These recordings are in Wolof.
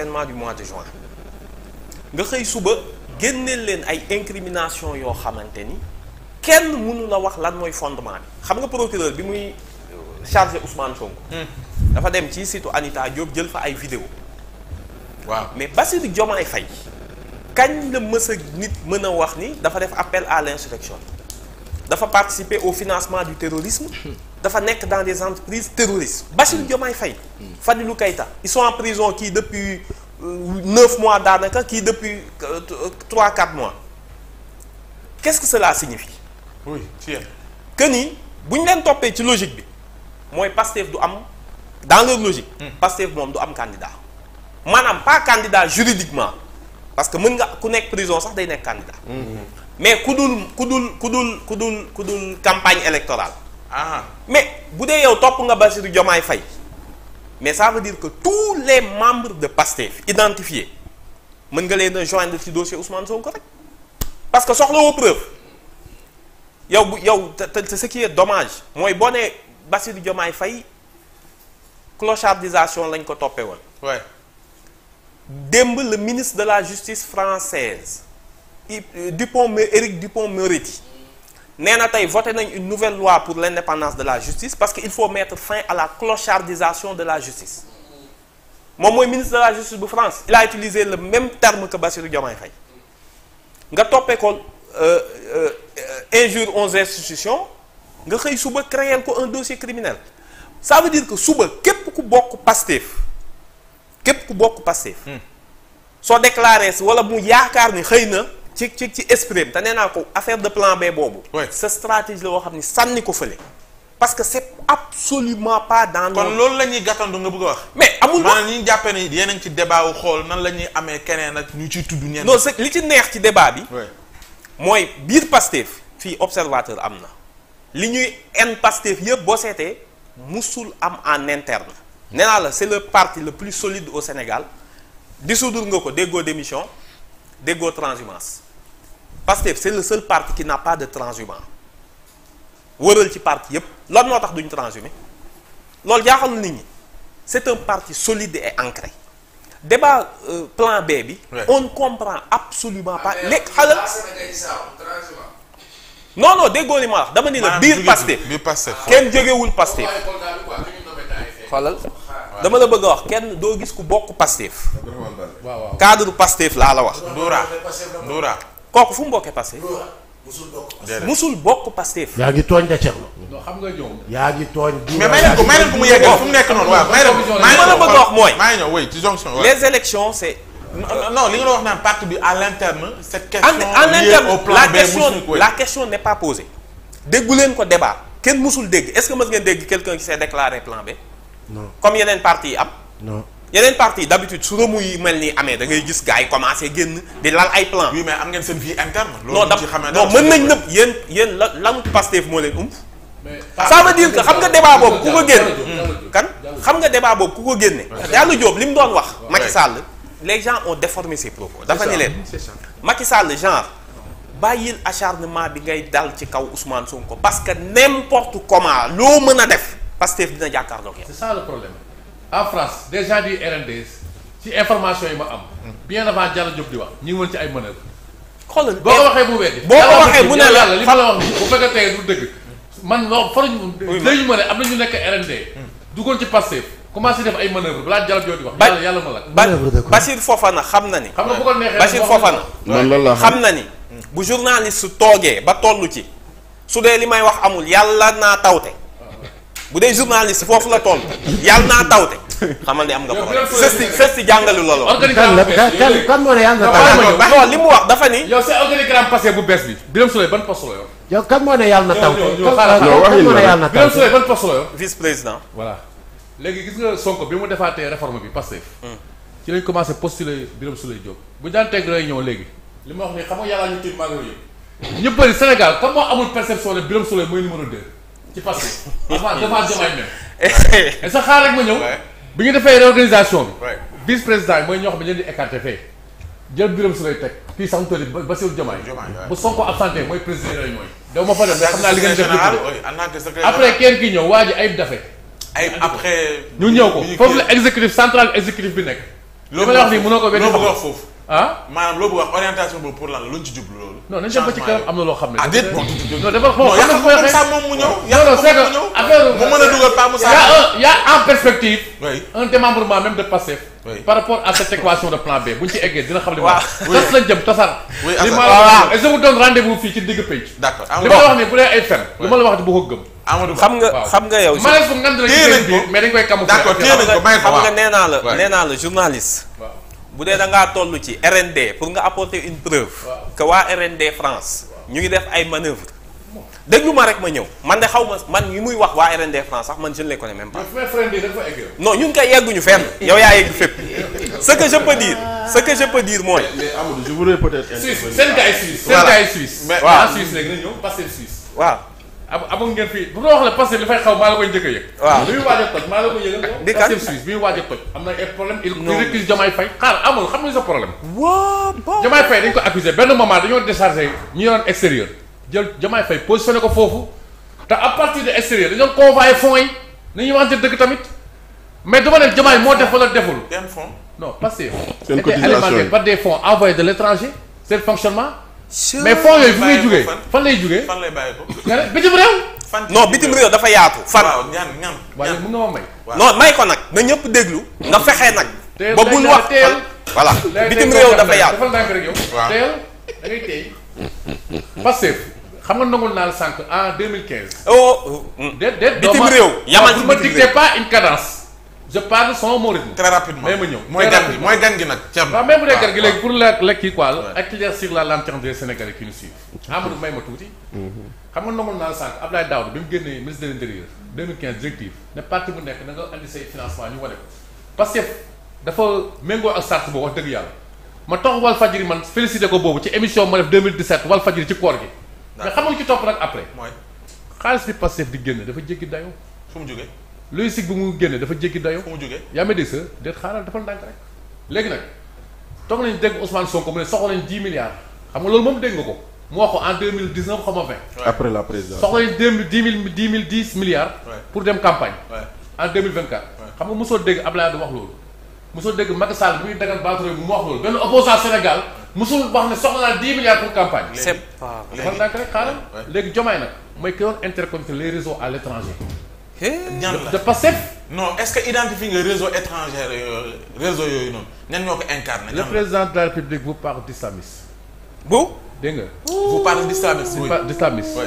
pleinement du mois de juin nga xëy suba génneel leen ay incrimination yoo xamante ni kenn mënu la wax lan mooy fondement bi xam nga procureur bi muy chargé Ousmane Sonko hmm. dafa dem ci site Anita Diop jël fa ay vidéo waaw mais Bassirou Diomaye Faye kañ la mës nit mën a wax ni dafa def appel à l'insurrection dafa participer au financement du terrorisme hmm. dafa nekk dans des entreprises terroristes Bassirou Diomaye Faye Fadilou kayta ils sont en prison kii depuis euh, neuf mois daanaka kii depuis euh, trois quatre mois qu'est-ce que cela signifie oui tiens que ni bu ñu leen toppee ci logique bi mooy Pastef du am dans leur logique hmm. Pastef moom du am candidat maanaam pas candidat juridiquement parce que mën nga ku nekk prison sax day nekk candidat hmm. mais ku dul ku dul ku dul ku dul ku dul campagne électorale ah mais bu dee yow topp nga Bassirou Diomaye fay mais ça veut dire que tous les membres de PASTEF identifier mën nga leen a joindre si dossier Ousmane Sonko rek parce que soxla woo preuve yow bu yow te te qui est dommage mooy bone nee Bassirou Diomaye Faye clochardisation lañ ko toppee woon. démb le ministre de la justice française euh, Dupont Éric Dupont-Moretti. nee na tey voté nañ une nouvelle loi pour l'indépendance de la justice parce que il faut mettre fin à la clochardisation de la justice moom mooy ministre de la justice bu France il a utilisé le même terme que Bassirou Diomaye Faye nga toppee ko euh, euh, injure onze institutions nga xëy suba créer ko un dossier criminel ça veut dire que suba képp ku bokk Pastef képp ku bokk Pastef hmm. soo déclaré si wala mu yaakaar ni xëy na ci ci ci esprit te nee naa ko affaire de plan B boobu. sa stratégie la boo xam ni sànni ko fële. parce que c'est absolument pas dans. loolu la ñuy gàttandu nga bëgg a wax. mais amul wax maanaam ñu jàppee ni yéen a ngi ci débat wu xool nan la ñuy amee keneen ak ñu ciy tudd. ñenn non c'est li ci neex ci débat bi. mooy biir Pastef fii observateur am na. li ñuy en Pastef yëpp boo seetee musul am en interne. nee naa la c'est le parti le plus solide au Sénégal dissoudre nga ko déggoo démission. déggoo transhumance Pastef c'est le seul parti qui n'a pas de transhumant wëral ci parti yépp lool moo tax duñu transhumé loolu jaaxal nit ñi c'est un parti solide et ancré débat euh, plan B bi ouais. on ne comprend absolument pas ah, léeg xalal non non déggoo li ma wax dama ni la biir Pastef kenn jógewul Pastef xalal dama la bëgg a wax kenn doo gis ku bokk Pastef. cadre Pastef laa la wax. Ndoura Ndoura. kooku fu mu bokkee Pastef. musul bokk Pastef. yaa ngi tooñ de Thierno. non xam nga ñoom. yaa ngi tooñ. mais may leen ko may leen ko mu yeggal fu mu nekk noonu waaw may leen ma la bëgg a wax mooy. maa les élections c'est non li nga doon wax naan parti bi à l'interne. cette question liée au plan la question n'est pas posée. déggu leen ko débat kenn musul dégg est-ce que mës ngeen dégg quelqu'un qui s'est déclaré plan B. comme yeneen parti am yeneen parti d'habitude su rëmu yi mel nii amee da ngay gis gars commencé génn di lal ay plan oui mais am ngeen seen vie interne non non mën nañ nëpp yéen yéen la lanu Pastef moo leen ump ça veut dire que xam nga débat boobu ku ko génne kan xam nga débat boobu ku ko génne Diallo joob li mu doon wax Macky Sall les gens se déformé ses propos dafa ni leen Macky Sall genre bàyyil acharnement bi ngay dal ci kaw Ousmane Sonko parce que n'importe comment loo mën a def Pastef dina jàkkaarloog yow. c'est ça le problème en France déjà du information yi ma am. bien avant Diallo Diop di wax. ñu ngi woon ci ay manœuvres. xoolal boo ko waxee mu weddi. boo ko waxee mu ne la li ma la bu fekkee tey man loo faruñu. léegi ma am na ñu nekk RND. Hmm. duggoon ci Pastef commencé def ay manœuvres balaa Diallo Diop di wax. yàlla yàlla ma la. Bachir xam na ni. xam nga bu ko neexee Bachir Fofana. xam na ni. bu journaliste su toogee ba toll ci su dee li may wax amul yàlla naa tawte bu dee journaliste foofu la toll yàlla naa tawte xamal ni am nga problème sës si sës si jàngalu la lool. kan li mu wax dafa ni. yow sa bees bi. Birame Souleye ban poste la yor. yow kan ne yàlla na tawte. bi mu defaatee réforme bi passé. Hmm. ci lañ commencé postuler Birame Souleye Diop bu daan teg rek ñëw léegi. li ma wax nii xam nga yàlla ñu tiit maa ngi ñëpp bëri Sénégal comme moo amul perception ne Birame Souleye mooy numéro 2 ci Pastef avant devant Diomaye même sa xaar rek ma ñëw bi ñu defee réorganisation bi vice président yi mooy ñoo xam ne leen di écarté fee jël biram su lay teg kii sax mu tëdd Bassirou Diomaye bu Sonko absenté mooy président yooyu mooy daw ma fa dem mais xam naa li ngeen après kenn ki ñëw waa ji Ayib Daffé ay après ñu ñëw ko foofu la exécutif central exécutif bi nekk loolu la wax nii mënoo ko weddi foofu ah maanaam loolu wax orientation boobu pour la luñ ci jublu loolu. non nañ dem ba ci kanam am loo xam ne. ah déet bon non dafa xaw ma xam nga sa moom mu nga xam nga yow. malaise nañ ko nga nee la journaliste. bu dee da ngaa toll ci RND pour nga apporter une preuve que waa RND France ñu ngi def ay manœuvres déglu ma rek ma ñëw man de xaw ma man yi muy wax waa RND France sax man je ne les même pas. non ñun koy yegguñu fenn. yow yaa yegg fépp ce que je peux dire ce que je peux dire mooy. mais Amadou Suisse seen mais en Suisse rek na Suisse. waaw. am amoon ngeen fii bu ma wax la parce que xaw maa la koy njëkk a yëg. waaw bi muy waaj toj maa la koy yëgal. di muy waaj toj. am na ay problème il récuse Diomaye Faye xaar amul xam nga sa problème. waaw bon dañ ko accusé benn moment dañoo déchargé ñu yoroon extérieur jël Diomaye Faye positionné ko foofu te à parti de extérieur dañoo convoyé fonds yi ni ñuy waxante dëgg tamit mais dama ne Diomaye moo def wala deful. benn fonds non parce que. seen cotisation était alimenté par des fonds envoyés mais fonds yooyu fu muy jugee fan lay jugee. fan lay bàyyi ko nga ne bitim réew. fan non bitim réew dafa yaatu. fan waaw ñaan ñaan waaye mën nga ma may. non ko nag na ñëpp déglu. nga fexe nag. ba buñ wax teel voilà bitim réew dafa yaatu. defal naa ko rek yow. teel da ngay tey. Pastef xam nga nangul naa sànq en 2015. oh. oh, oh. bitim réew. yaman ci bitim réew ma dicté pas une je parle sans mauritanie. très rapidement mais ma ñëw. mooy gan gi mooy gan gi nag. ceeb waaw même bu dee gan gi léegi pour la lekk quoi éclaircir la lanterne des Sénégalais qui nous suivent. Amadou may ma tuuti. Mm-hmm. xam nga nangoon naa sànq Abdoulaye Daouda bi mu génnee ministre de l'intérieur 2015 directive ne parti bu nekk da nga andi say financement ñu wane ko parce que dafa méngoo ak sart boobu wax dëgg yàlla ma toog Walf Fadjri man félicité ko boobu ci émission ma def 2017 Walf Fadjri ci koor gi. mais xam nga ci topp nag après. mooy xaalis bi Pastef di génne dafa jéggi dayoo fu mu jógee. logistique bi mu génne dafa jekki dayo fu mu jógee yaa ma dégg sa déet xaaral defal ndànk rek léegi nag toog nañ dégg Ousmane Sonko mu ne soxla nañ dix milliards xam nga loolu moom dégg nga ko mu wax ko en deux mille dix neuf xam nga vingt après la présidence soxla nañ deux mille dix mille pour dem campagne en deux mille vingt quatre xam nga mosoo dégg Abdoulaye Wade wax loolu mosoo dégg Macky Sall bi muy dagal baatu réew mi mu wax loolu benn opposant Sénégal mosul wax ne soxla naa dix milliards pour campagne c'est pas les réseaux à l' ñan la de Pastef non est-ce que identifie nga réseau étranger yooyu euh, réseau yooyu noonu ñan ñoo ko incarné. le président de la république vous parle d'islamisme. bu. dégg nga. vous parle d'islamisme. d'islamisme. oui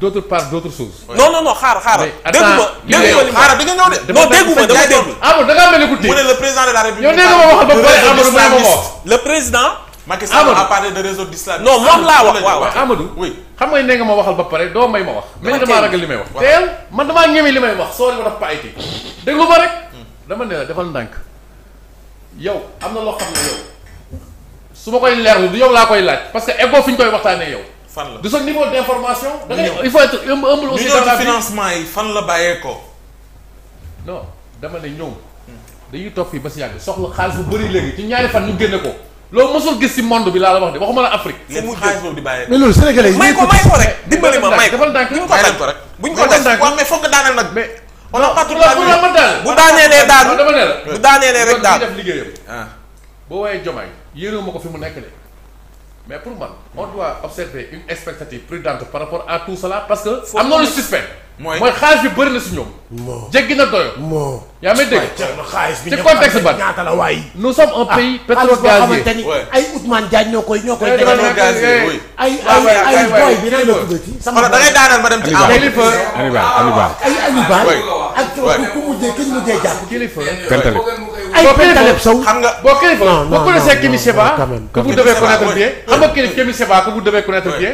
d'autre part d'autre chose. non non non xaar xaar. déggu ma déggu ma li xaar da nga ñëw de. non déggu ma dama dégg. Amadou ah da ngaa mel ni ku dégg. mu ne le président de la république. yow dégg nga ma waxal ba pare Amadou ma wax. le président. Macky Sall a parlé de réseau d'islam. non moom laa wax waaw Amadou. oui xam nga ne nga ma waxal ba pare doo may ma wax. dama teel damaa ragal li may wax. teel man damaa ñeme li may wax soo ko daf pa ayte. déglu ma dama ne la defal ndànk. yow am na loo xam ne yow su ma koy leerlu du yow laa koy laaj parce que eggoo fi ñu koy waxtaanee yow. fan la du sa niveau d'information. da ngay il faut être humble aussi. dans la financement yi fan la bàyyee ko. non dama ne ñoom. dañuy toog fii ba si yàgg soxla xaalis bu bëri léegi ñaari fan ñu génne ko. loolu mosul gis si monde bi laa la wax de waxuma la Afrique. fu mu xaalis boobu di bàyyee. mais may ko may ko rek. dimbali ma may ko defal ndànk defal ko rek. buñ ko def waaw mais foog nga daaneel nag. mais on a pas tout le bu daaneelee daanu bu daaneelee rek daanu. Ah. boo woowee Jomaay yéeréewu ma ko fi mu nekk de mais pour man on doit observer une expectative prudente par rapport à tout cela parce que. am na lu suspect. mooy xaalis bi bëri na si ñoom. jéggi na doyoo. moo yaa may dégg ci contexte ban ñaata la waay. nous sommes un ah, pays pétro-gazier ay Ousmane Diagne ñoo koy ñoo koy. Eh, eh. ay ay ay boy bi nan la tuddati. sama da ngay daanal ma dem ci. kilifa ay Aliou Ba ak ku mujjee kenn mujjee jàpp kilifa. ay Taleb Sow xam nga boo kilifa boo connaissez Kémi Séba que vous devez connaître bien xam nga Kémi Séba que vous devez connaître bien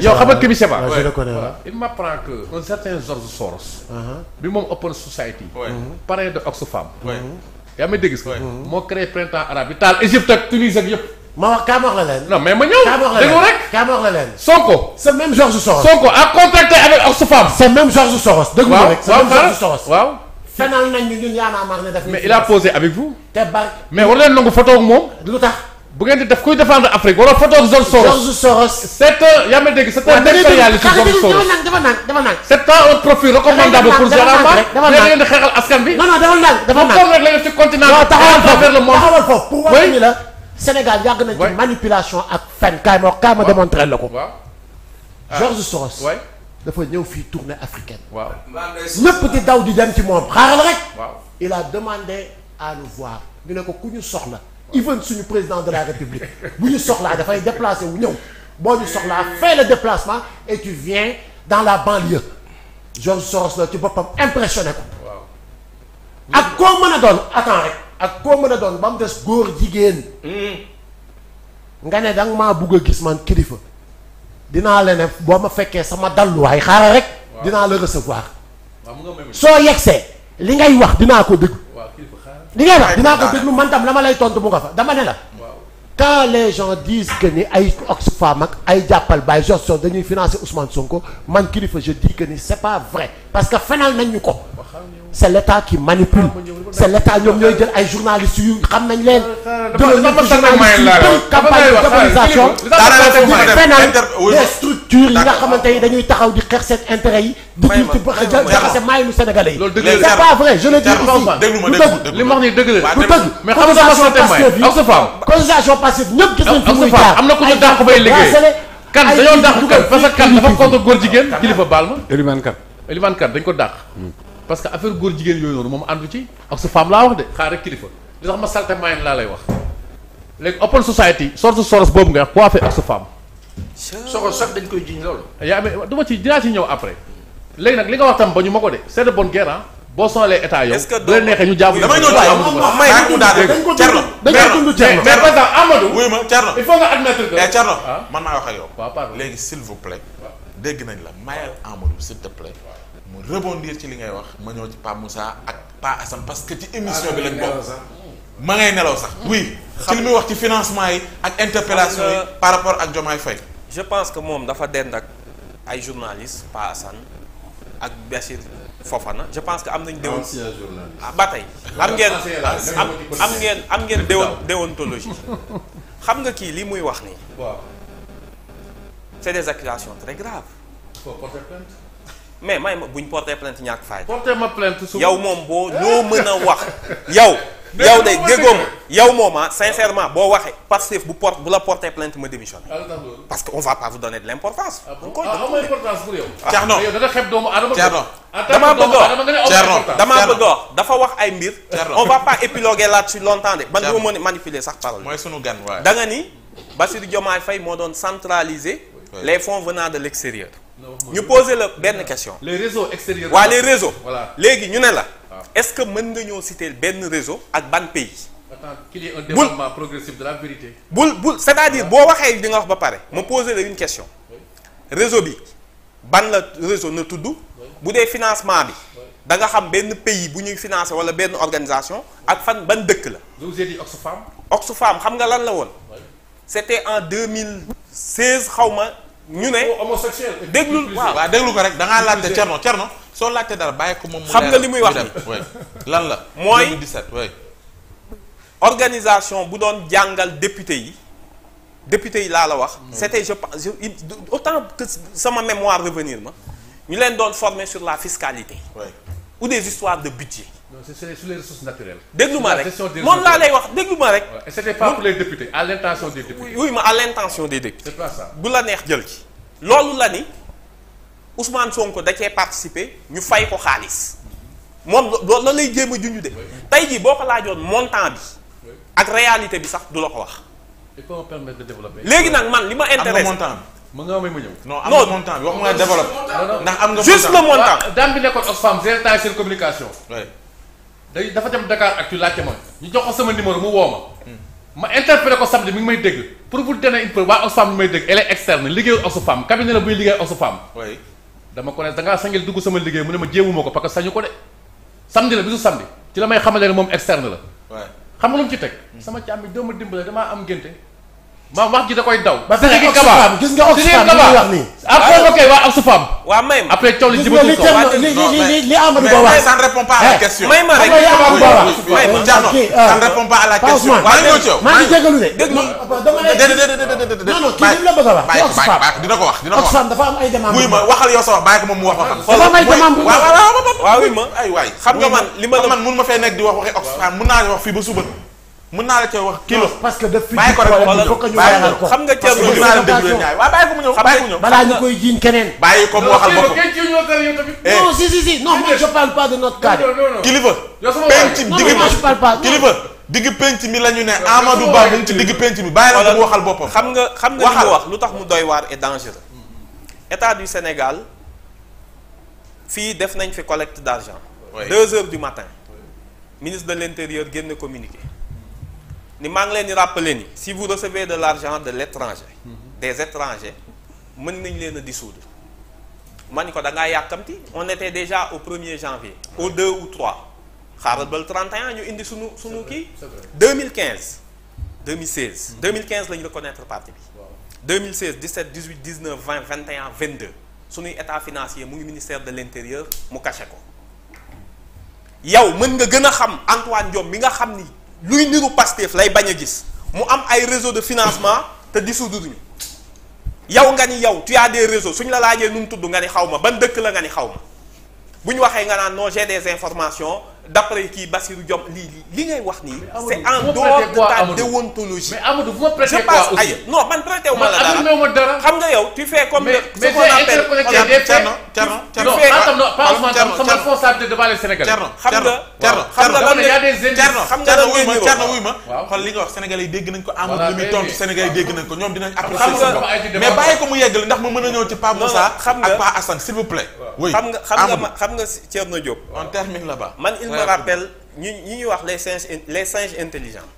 yow xam nga Kémi Séba il que un certain George Soros uh-huh. bi moom Open Society uh-huh. parrain de Oxfam uh-huh. yaa may dégg moo créé printemps arabe bi taal Égypte ak Tunisie ak yëpp ma wax kaa wax la leen. non mais ma ñëw. kaa ma rek kaa wax la leen. Sonko. c'est même George Soros. Sonko a contracté avec Oxfam. c'est même George Soros. dëgg nga rek fenal nañ ñu ñun yaanaa maax ne def mais il a posé avec vous te bar mais war leen nangu photo ak moom lu tax bu ngeen di def kuy défendre Afrique wala photo ak George Soros George Soros c'est yaa ma dégg c'est un impérialiste George Soros dafa nang dafa nang c'est pas un profil recommandable pour Jalamar dafa nang ngeen di xeexal askan bi non non dafa nang dafa nang moom rek la ngeen ci continent taxawal foofu taxawal foofu pour wax ni la Sénégal yàgg nañ ci manipulation ak fen kaay ma kaay ma démontrer la ko George Soros ah. dafa ñëw fii tournée africaine. waaw ñëpp di daw di dem ci moom xaaral rek. il a demande à nous voir ñu ne ko ku ñu soxla. even suñu président de la république bu ñu soxla dafay déplacé wu ñëw boo ñu soxlaa fais le déplacement et tu viens dans la banlieue. George Soros la ci boppam impressionné ko. ak koo mën a doon attends rek ak koo mën a doon ba des góor jigéen. Hmm. nga ne danga maa bugg a kilifa. dinaa la ne boo ma fekkee sama dalluwaay xaaral rek. dinaa la recevoir. soo yegsee li ngay wax dinaa ko déglu. li ngay wax dinaa ko déglu man tam la ma lay tontu mu nga fa dama ne la. quand les gens disent que ni ay Oxfam ak ay jàppal Baye Johnson dañuy financer Ousmane Sonko man kilifa je dis que ni c'est pas vrai parce que fenal nañ ñu ko. c'est l'État qui manipule. c'est l'état ñoom ñooy jël ay journalistes yu xam nañ leen. dama dama journalistes yu bëri campagne de diabolisation. les structures yi nga xamante ni dañuy taxaw di xeex seen intérêt yi. may ma jaxase maayu Sénégalais yi. loolu dëgg la c'est pas vrai je le dis ici. li ma wax nii dëgg la. lu dëgg mais xam nga sama témoin ak sa femme. cotisation passive ñëpp gis nañ fi muy jaar am na ku ñu dàq bay liggéey kan dañoo dàq kan parce que kan dafa contre góor jigéen kilifa baal ma Eliman kan Eliman kan dañ ko dàq parce que affaire góor jigéen yooyu noonu moom àndu ci ak su femme laa wax de xaar rek kilifa li tax ma salte mayen laa lay wax léegi open society source source boobu nga wax coiffé ak su femme. soxor sax dañ koy jiñ loolu. yaa amee du ma ci dinaa ci ñëw après léegi nag li nga wax tam ba ma ko de c'est de bonne guerre ah boo sonalee état yow. est-ce que bu neexee ñu jaamu. damay ñëw waaw may rek mu daal dañ ko dund dañ ko dund Thierno mais ma il faut nga admettre mu rebondir ci li ngay wax ma ñëw ci Pa Moussa ak Pa Assane parce que ci émission bi lañ bokk ah, ma ngay nelaw sax oui ci li wax ci financement yi ak par rapport ak Diomaye Faye je pense que moom dafa dend euh, ay journalistes Pa Assane ak Bachir Fofana je pense que am nañ déwoon ah, ba tey am ngeen am ngeen am ngeen déwoon déontologie xam nga kii li muy wax nii c'est des accusations très graves mais may ma buñ porté plainte ñàkk fay. porté ma plainte su yow moom boo loo mën a wax yow. yow de déggoom yow moom ah sincèrement boo waxee Pastef bu porte bu la porté plainte ma démissionné. parce que on va pas vous donner de l' importance. ah bon ah, ah, bëgg a wax damaa bëgg wax dafa wax ay mbir. on va pas épiloguer là si longtemps de. man duma mën sax parole. mooy sunu gan waay da nga ni Bassirou Diomaye Faye moo doon centraliser. les fonds venant de l' extérieur. ñu poser la benn question. les réseaux extérieurs. waa les réseaux. léegi ñu ne la. Ah. est-ce que mën nga ñoo citer benn réseau ak ban pays. attends qu'il y ait un développement progressif de la vérité. bul bul c'est-à-dire boo waxee li nga wax ba pare ma poser la une question. réseau bi ban la réseau na tudd. bu dee financement bi. da nga xam benn pays bu ñuy financé wala benn organisation ak fan ban dëkk la. je vous ai dit Oxfam. Oxfam xam nga lan la woon. c'était en deux mille seize xaw ma ñu ne oh, homosexuel déglu waaw waaw déglu ko rek da ngaa laajte cerno cerno soo laajte dara bàyyi ko moom. mu xam nga li muy wax ni lan la. mooy 2017 organisation bu doon jàngal député yi député yi laa la wax. c'était je pense autant que sama mémoire revenir ma ñu leen doon forme sur la fiscalité. ou des histoires de budget. non c'est sur les ressources naturelles. déglu ma rek moom laa lay wax déglu ma rek. et c'était pas pour les ma à l'intention des bu la neex jël ci. loolu la ni Ousmane Sonko da cee participer ñu fay ko xaalis moom loolu la lay jéem a junj de. tey jii boo ko laajoon montant bi. ak réalité bi sax du la ko wax. il faut me permettre de léegi nag man li ma intéresse am na ma ñëw. non am nga montant bi wax nga développé. ndax am nga montant juste le montant. communication. day dafa dem Dakar Actu laajte ma ñu jox ko sama numéro mu woo ma. ma interpellé ko samedi mi ngi may dégg pour bu donner une preuve waa Oxfam mi may dégg elle est externe liggéeyul Oxfam cabinet la buy liggéey Oxfam. oui dama ko ne da ngaa sangil dugg sama liggéey mu ne ma jéemuma ko parce que sañu ko de samedi la bisu samedi ci la may xamale ne moom externe la. waaw xam nga lu ci teg. sama càmm bi doo ma dimbale damaa am ngénte maam wax ji koy daw. ba fexe Kaba gis nga Oxfam li may ma après coow li jëmale li li li Amadou Ba wax. mais ça ne répond pas à la eh, question. may ma rek may ma eh, euh, de. kii li la bëgg a wax. bàyyi bàyyi dina ko wax dafa am ay demandes. wuy ma waxal yow sama bàyyi ko moom mu wax ma xam. dafa am ay bu ñu wax waaw waaw ma xam nga man li ma man mun ma fee nekk di wax waxi Oxfam mun naa wax fii ba suba mun naa la cay wax kilo. parce que daf bàyyi ko rek xam nga ceeb bi naa la déglu ñaay waaw bàyyi ko mu ñëw bàyyi ko mu koy jiiñ keneen. bàyyi ko mu waxal boppam eh. non si si si kilifa penc digg kilifa digg mi la ñu ne Amadou Ba mu ci digg penc mi bàyyi la ko mu waxal boppam. xam nga xam nga li mu lu tax mu doy waar et dangereux. état du Sénégal fii def nañ fi collecte d'argent. deux heures du matin ministre de l'intérieur génn communiqué ni maa ngi leen di rappeler ni si vous recevez de l'argent de l'étranger des étrangers mën nañ leen a dissoudre ma ni ko da ngaa yàkkamti on était déjà au 1er janvier au 2 ou 3 xaaral ba le 31 ñu indi sunu sunu kii 2015 2016 2015 la ñu reconnaître parti bi 2016 17 18 19 20 21 22 suñuy état financier mu ngi ministère de l'intérieur mu caché ko yow mën nga gën a xam Antoine Diome mi nga xam ni luy niru Pastef lay bañ a gis mu am ay réseau de financement te di dissoudre ñu yow nga ni yow tu as des réseau suñ la laajee nu mu tudd nga ni xaw ma ban dëkk la nga ni xaw ma bu ñu waxee nga naan non j'ai des informations d'après kii Bassirou Diom lii li ngay wax nii. c'est en dehors de ta déontologie. mais Amadou vous me prêtez quoi aussi je passe ailleurs non man prêté wu ma la dara xam nga yow tu fais comme. ce qu'on appelle nga wax sénégalais yi dégg nañ ko Amadou li muy tontu sénégalais yi dégg nañ ko ñoom dinañ apprécier sa bopp mais bàyyi ko mu yeggal ndax ma mën a ci Pape Moussa xam nga xam nga xam nga Thierno Diop me ñu ñu ñi ñuy wax les singes les singes intelligents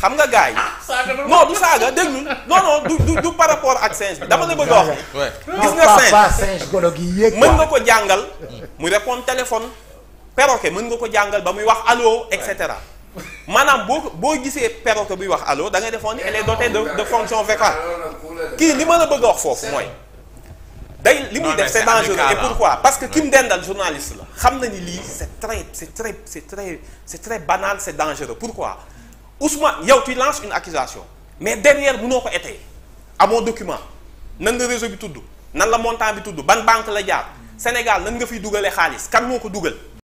xam nga gars yi. non du saaga déglu non non du du du par rapport ak singe bi dama la bëgg a wax. gis nga singe mën nga ko jàngal mu rekoon téléphone perroquet mën nga ko jàngal ba muy wax alo et cetera. maanaam boo boo gisee perroquet buy wax alo dangay ngay defoon ni elle est de fonction ah, vocale kii li ma la bëgg a wax foofu mooy. day li muy def c'est dangereux et pourquoi parce que ki mu dendal journaliste la xam na ni lii c'est très c'est très c'est très c'est très banal c'est dangereux pourquoi Ousmane yow tu lances une accusation mais derrière mënoo ko étayer amoo document nan nga réseau bi tudd nan la montant bi tudd ban banque la jaar Sénégal nan nga fiy dugalee xaalis kan moo ko dugal